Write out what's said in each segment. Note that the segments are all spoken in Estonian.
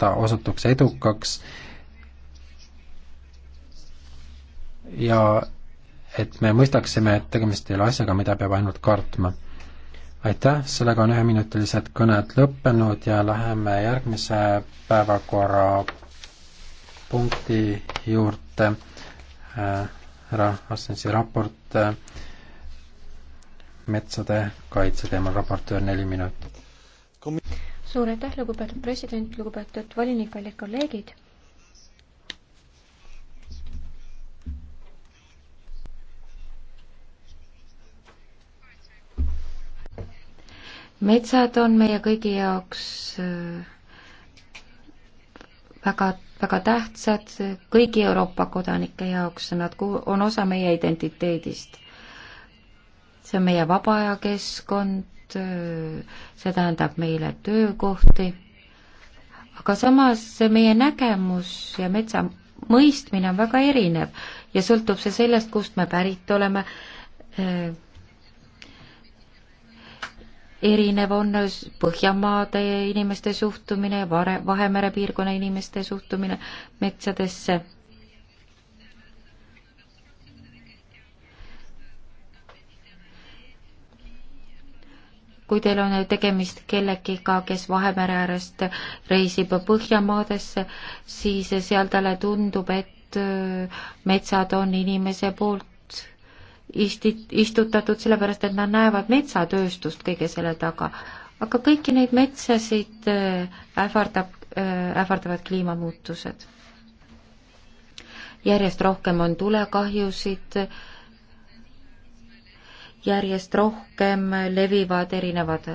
ta osutuks edukaks ja et me mõistaksime, et tegemist ei ole asjaga, mida peab ainult kartma. aitäh, sellega on üheminutilised kõned lõppenud ja läheme järgmise päevakorrapunkti juurde äh,. härra Assensi raport äh, metsade kaitse teemal, raportöör neli minutit suur aitäh, lugupeetud president, lugupeetud volinik, kallid kolleegid. metsad on meie kõigi jaoks äh, väga, väga tähtsad, kõigi Euroopa kodanike jaoks, nad on osa meie identiteedist. see on meie vaba aja keskkond, Äh, see tähendab meile töökohti, aga samas meie nägemus ja metsa mõistmine on väga erinev ja sõltub see sellest, kust me pärit oleme. Äh, erinev on Põhjamaade inimeste suhtumine, Vare, Vahemere piirkonna inimeste suhtumine metsadesse kui teil on tegemist kellegiga, kes Vahemere äärest reisib Põhjamaadesse, siis seal talle tundub, et äh, metsad on inimese poolt isti-, istutatud, sellepärast et nad näevad metsatööstust kõige selle taga. aga kõiki neid metsasid äh, ähvardab, äh, ähvardavad kliimamuutused. järjest rohkem on tulekahjusid, järjest rohkem levivad erinevad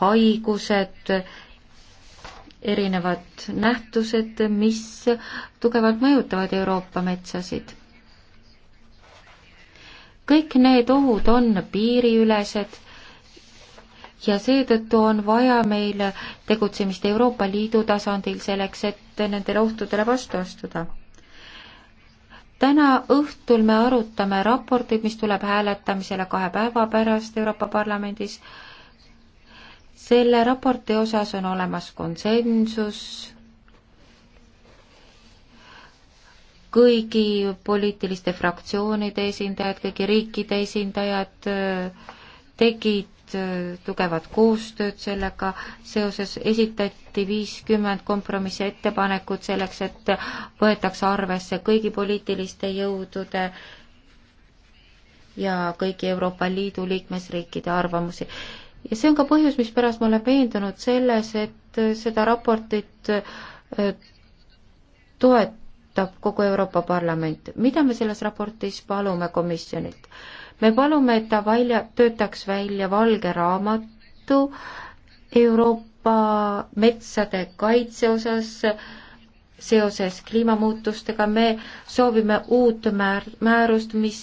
haigused, erinevad nähtused, mis tugevalt mõjutavad Euroopa metsasid. kõik need ohud on piiriülesed ja seetõttu on vaja meil tegutsemist Euroopa Liidu tasandil selleks, et nendele ohtudele vastu astuda täna õhtul me arutame raportit, mis tuleb hääletamisele kahe päeva pärast Euroopa Parlamendis. selle raporti osas on olemas konsensus kõigi poliitiliste fraktsioonide esindajad, kõigi riikide esindajad äh, tegid Äh, tugevat koostööd sellega seoses, esitati viiskümmend kompromissi ettepanekut selleks, et võetakse arvesse kõigi poliitiliste jõudude ja kõigi Euroopa Liidu liikmesriikide arvamusi. ja see on ka põhjus, mispärast ma olen veendunud selles, et äh, seda raportit äh, toetab kogu Euroopa Parlament. mida me selles raportis palume komisjonilt? me palume, et ta välja, töötaks välja valge raamatu Euroopa metsade kaitse osas seoses kliimamuutustega, me soovime uut määr-, määrust, mis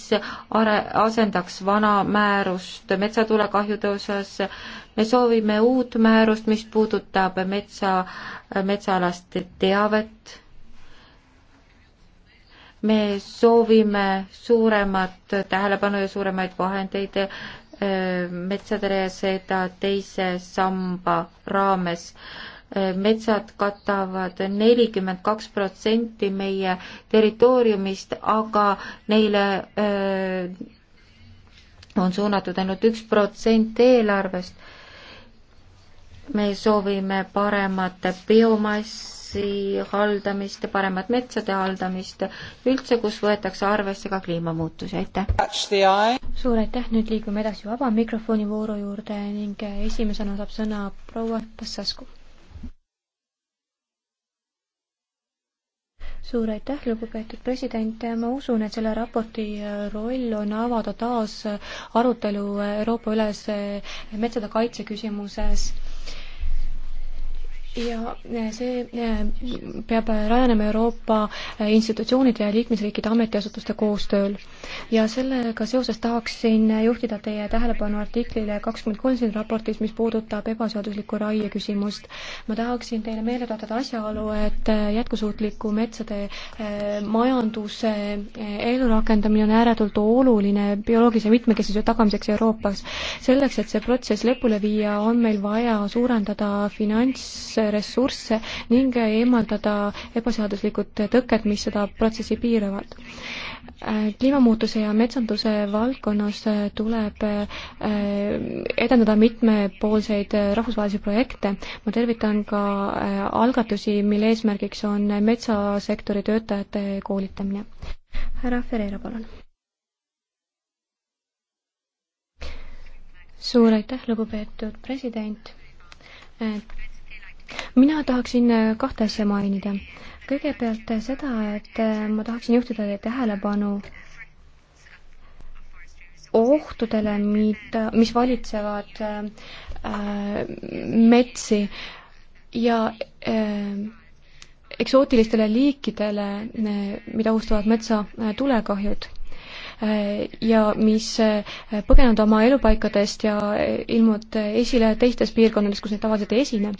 are-, asendaks vana määrust metsatulekahjude osas, me soovime uut määrust, mis puudutab metsa, metsaalast teavet me soovime suuremat tähelepanu ja suuremaid vahendeid äh, metsadele ja seda teise samba raames. Äh, metsad katavad nelikümmend kaks protsenti meie territooriumist, aga neile äh, on suunatud ainult üks protsent eelarvest. me soovime paremat biomass ressursi haldamist, paremat metsade haldamist, üldse, kus võetakse arvesse ka kliimamuutusi, aitäh! suur aitäh, nüüd liigume edasi vaba mikrofoni vooru juurde ning esimesena saab sõna proua Passasku. suur aitäh, lugupeetud president, ma usun, et selle raporti roll on avada taas arutelu Euroopa-ülese metsade kaitse küsimuses ja eh, see eh, peab rajanema Euroopa eh, institutsioonide ja liikmesriikide ametiasutuste koostööl. ja sellega seoses tahaksin juhtida teie tähelepanu artiklile kakskümmend kolm siin raportis, mis puudutab ebaseaduslikku raie küsimust. ma tahaksin teile meelde tuletada asjaolu, et jätkusuutliku metsade majanduse ellurakendamine on ääretult oluline bioloogilise mitmekesisuse tagamiseks Euroopas. selleks, et see protsess lõpule viia, on meil vaja suurendada finants ressursse ning eemaldada ebaseaduslikud tõkked, mis seda protsessi piiravad. Äh, kliimamuutuse ja metsanduse valdkonnas äh, tuleb äh, edendada mitmepoolseid rahvusvahelisi projekte. ma tervitan ka algatusi, mille eesmärgiks on metsasektori töötajate koolitamine. härra Ferreira, palun. suur aitäh, lugupeetud president mina tahaksin äh, kahte asja mainida. kõigepealt äh, seda, et äh, ma tahaksin juhtida teie tähelepanu ohtudele, mida, mis valitsevad äh, metsi ja äh, eksootilistele liikidele, mida ohustavad metsa tulekahjud ja mis põgenevad oma elupaikadest ja ilmuvad esile teistes piirkondades, kus neid tavaliselt ei esine.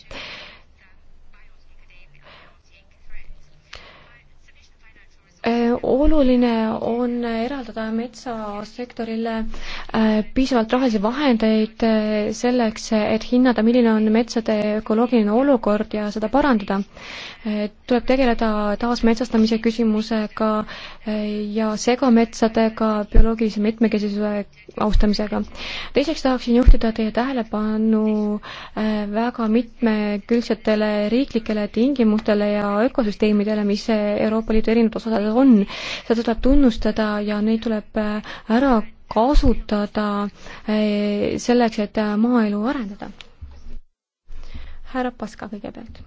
oluline on eraldada metsasektorile äh, piisavalt rahalisi vahendeid äh, selleks, et hinnata, milline on metsade ökoloogiline olukord ja seda parandada. Äh, tuleb tegeleda taasmetsastamise küsimusega ja segametsadega, bioloogilise mitmekesisuse austamisega. teiseks tahaksin juhtida teie tähelepanu väga mitmekülgsetele riiklikele tingimustele ja ökosüsteemidele, mis Euroopa Liidu erinevates osades on seda tuleb tunnustada ja neid tuleb äh, ära kasutada äh, selleks, et äh, maaelu arendada. härra Paska kõigepealt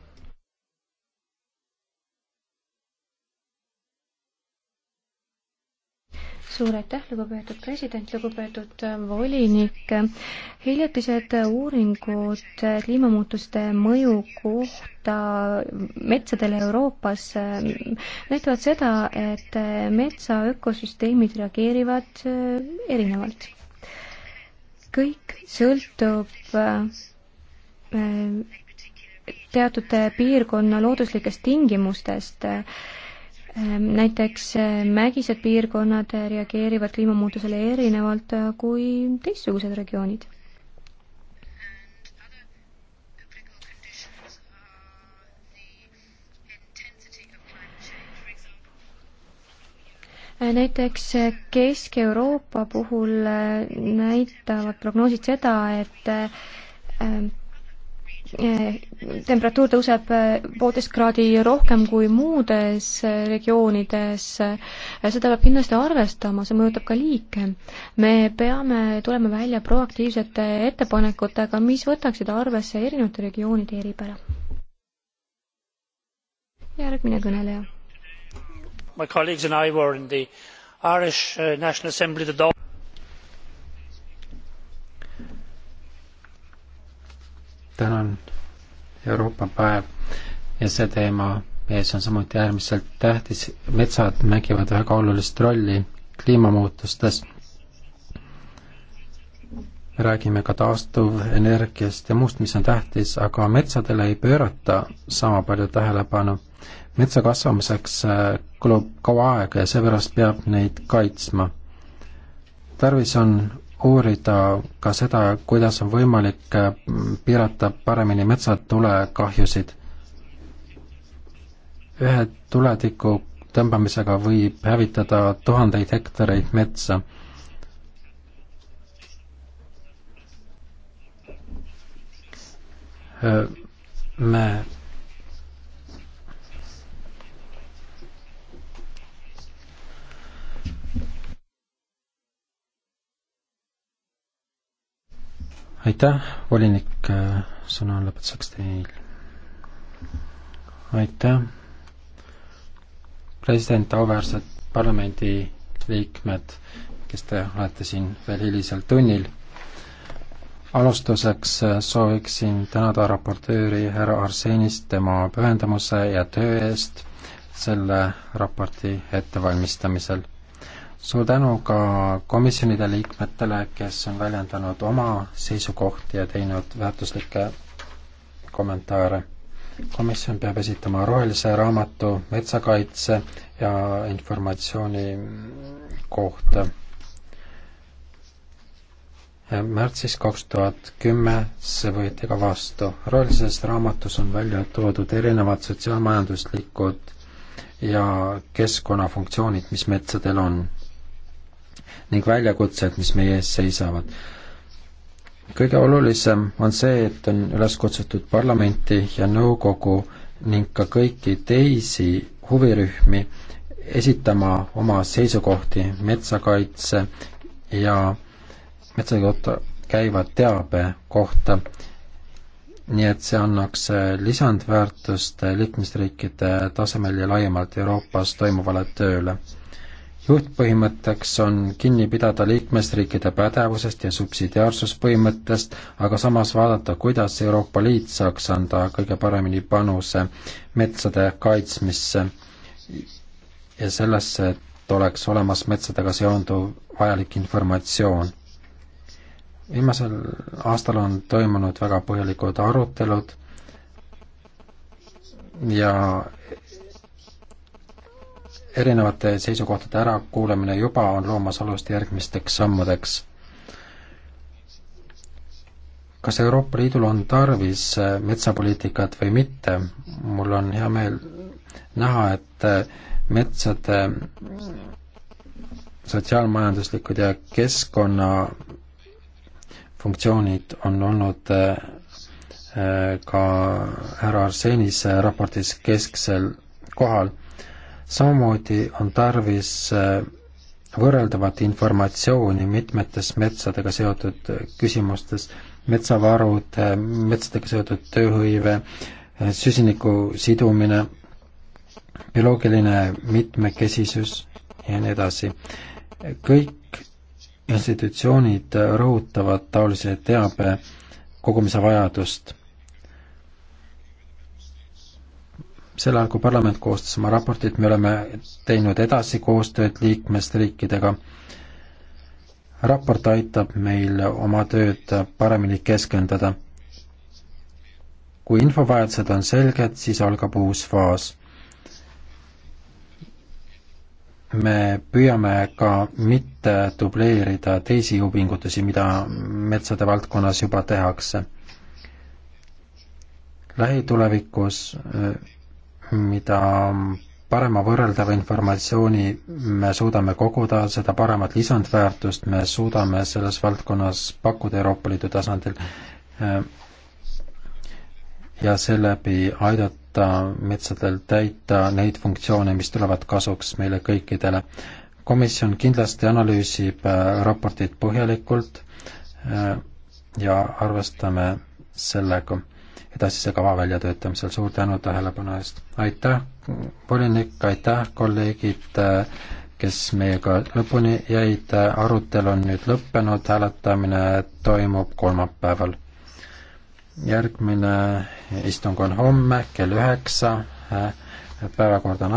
suur aitäh, lugupeetud president, lugupeetud äh, volinik. hiljutised uuringud kliimamuutuste mõju kohta metsadele Euroopas äh, näitavad seda, et äh, metsa ökosüsteemid reageerivad erinevalt. kõik sõltub teatud piirkonna looduslikest tingimustest Ehm, näiteks eh, mägised piirkonnad eh, reageerivad kliimamuutusele erinevalt eh, kui teistsugused regioonid. näiteks Kesk-Euroopa puhul näitavad prognoosid seda, et ehm, temperatuur tõuseb eh, poolteist kraadi rohkem kui muudes eh, regioonides. seda peab kindlasti arvestama, see mõjutab ka liike. me peame tulema välja proaktiivsete ettepanekutega, mis võtaksid arvesse erinevate regioonide eripära. järgmine kõneleja. My colleagues and I were in the Irish eh, National Assembly the tänan, Euroopa päev ja see teema ees on samuti äärmiselt tähtis, metsad mängivad väga olulist rolli kliimamuutustes. me räägime ka taastuvenergiast ja muust, mis on tähtis, aga metsadele ei pöörata sama palju tähelepanu. metsa kasvamiseks äh, kulub kaua aega ja seepärast peab neid kaitsma. tarvis on uurida ka seda, kuidas on võimalik äh, piirata paremini metsatulekahjusid. ühe tuletiku tõmbamisega võib hävitada tuhandeid hektareid metsa. Äh, me aitäh, volinik, äh, sõna on lõpetuseks teil. aitäh, president, auväärsed parlamendiliikmed, kes te olete siin veel hilisel tunnil. alustuseks äh, sooviksin tänada raportööri härra Arsenist tema pühendumuse ja töö eest selle raporti ettevalmistamisel suur tänu ka komisjonide liikmetele, kes on väljendanud oma seisukohti ja teinud väärtuslikke kommentaare. komisjon peab esitama rohelise raamatu metsakaitse ja informatsiooni kohta. märtsis kaks tuhat kümme see võeti ka vastu. rohelises raamatus on välja toodud erinevad sotsiaalmajanduslikud ja keskkonnafunktsioonid, mis metsadel on ning väljakutsed, mis meie ees seisavad. kõige olulisem on see, et on üles kutsutud parlamenti ja nõukogu ning ka kõiki teisi huvirühmi esitama oma seisukohti metsakaitse ja metsa kohta käiva teabe kohta nii et see annaks lisandväärtust liikmesriikide tasemel ja laiemalt Euroopas toimuvale tööle juhtpõhimõtteks on kinni pidada liikmesriikide pädevusest ja subsidiaarsuspõhimõttest, aga samas vaadata, kuidas Euroopa Liit saaks anda kõige paremini panuse metsade kaitsmisse ja sellesse, et oleks olemas metsadega seonduv vajalik informatsioon. viimasel aastal on toimunud väga põhjalikud arutelud ja erinevate seisukohtade ärakuulamine juba on loomas alust järgmisteks sammudeks. kas Euroopa Liidul on tarvis äh, metsapoliitikat või mitte, mul on hea meel näha, et äh, metsade mm, sotsiaalmajanduslikud ja keskkonna funktsioonid on olnud äh, ka härra Arsenis raportis kesksel kohal samuti on tarvis äh, võrreldavat informatsiooni mitmetes metsadega seotud äh, küsimustes, metsavarud, äh, metsadega seotud tööhõive, süsiniku sidumine, bioloogiline mitmekesisus ja nii edasi. kõik institutsioonid rõhutavad taolise teabe kogumise vajadust sel ajal, kui parlament koostas oma raportit, me oleme teinud edasi koostööd liikmesriikidega. raport aitab meil oma tööd paremini keskenduda. kui infovajadused on selged, siis algab uus faas. me püüame ka mitte dubleerida teisi jõupingutusi, mida metsade valdkonnas juba tehakse. lähitulevikus mida parema võrreldava informatsiooni me suudame koguda, seda paremat lisandväärtust me suudame selles valdkonnas pakkuda Euroopa Liidu tasandil ja seeläbi aidata metsadel täita neid funktsioone, mis tulevad kasuks meile kõikidele. komisjon kindlasti analüüsib äh, raportit põhjalikult äh, ja arvestame sellega edasise kava väljatöötamisel. suur tänu tähelepanu eest! aitäh, volinik, aitäh, kolleegid, kes meiega lõpuni jäid, arutelu on nüüd lõppenud, hääletamine toimub kolmapäeval. järgmine istung on homme kell üheksa, päevakord on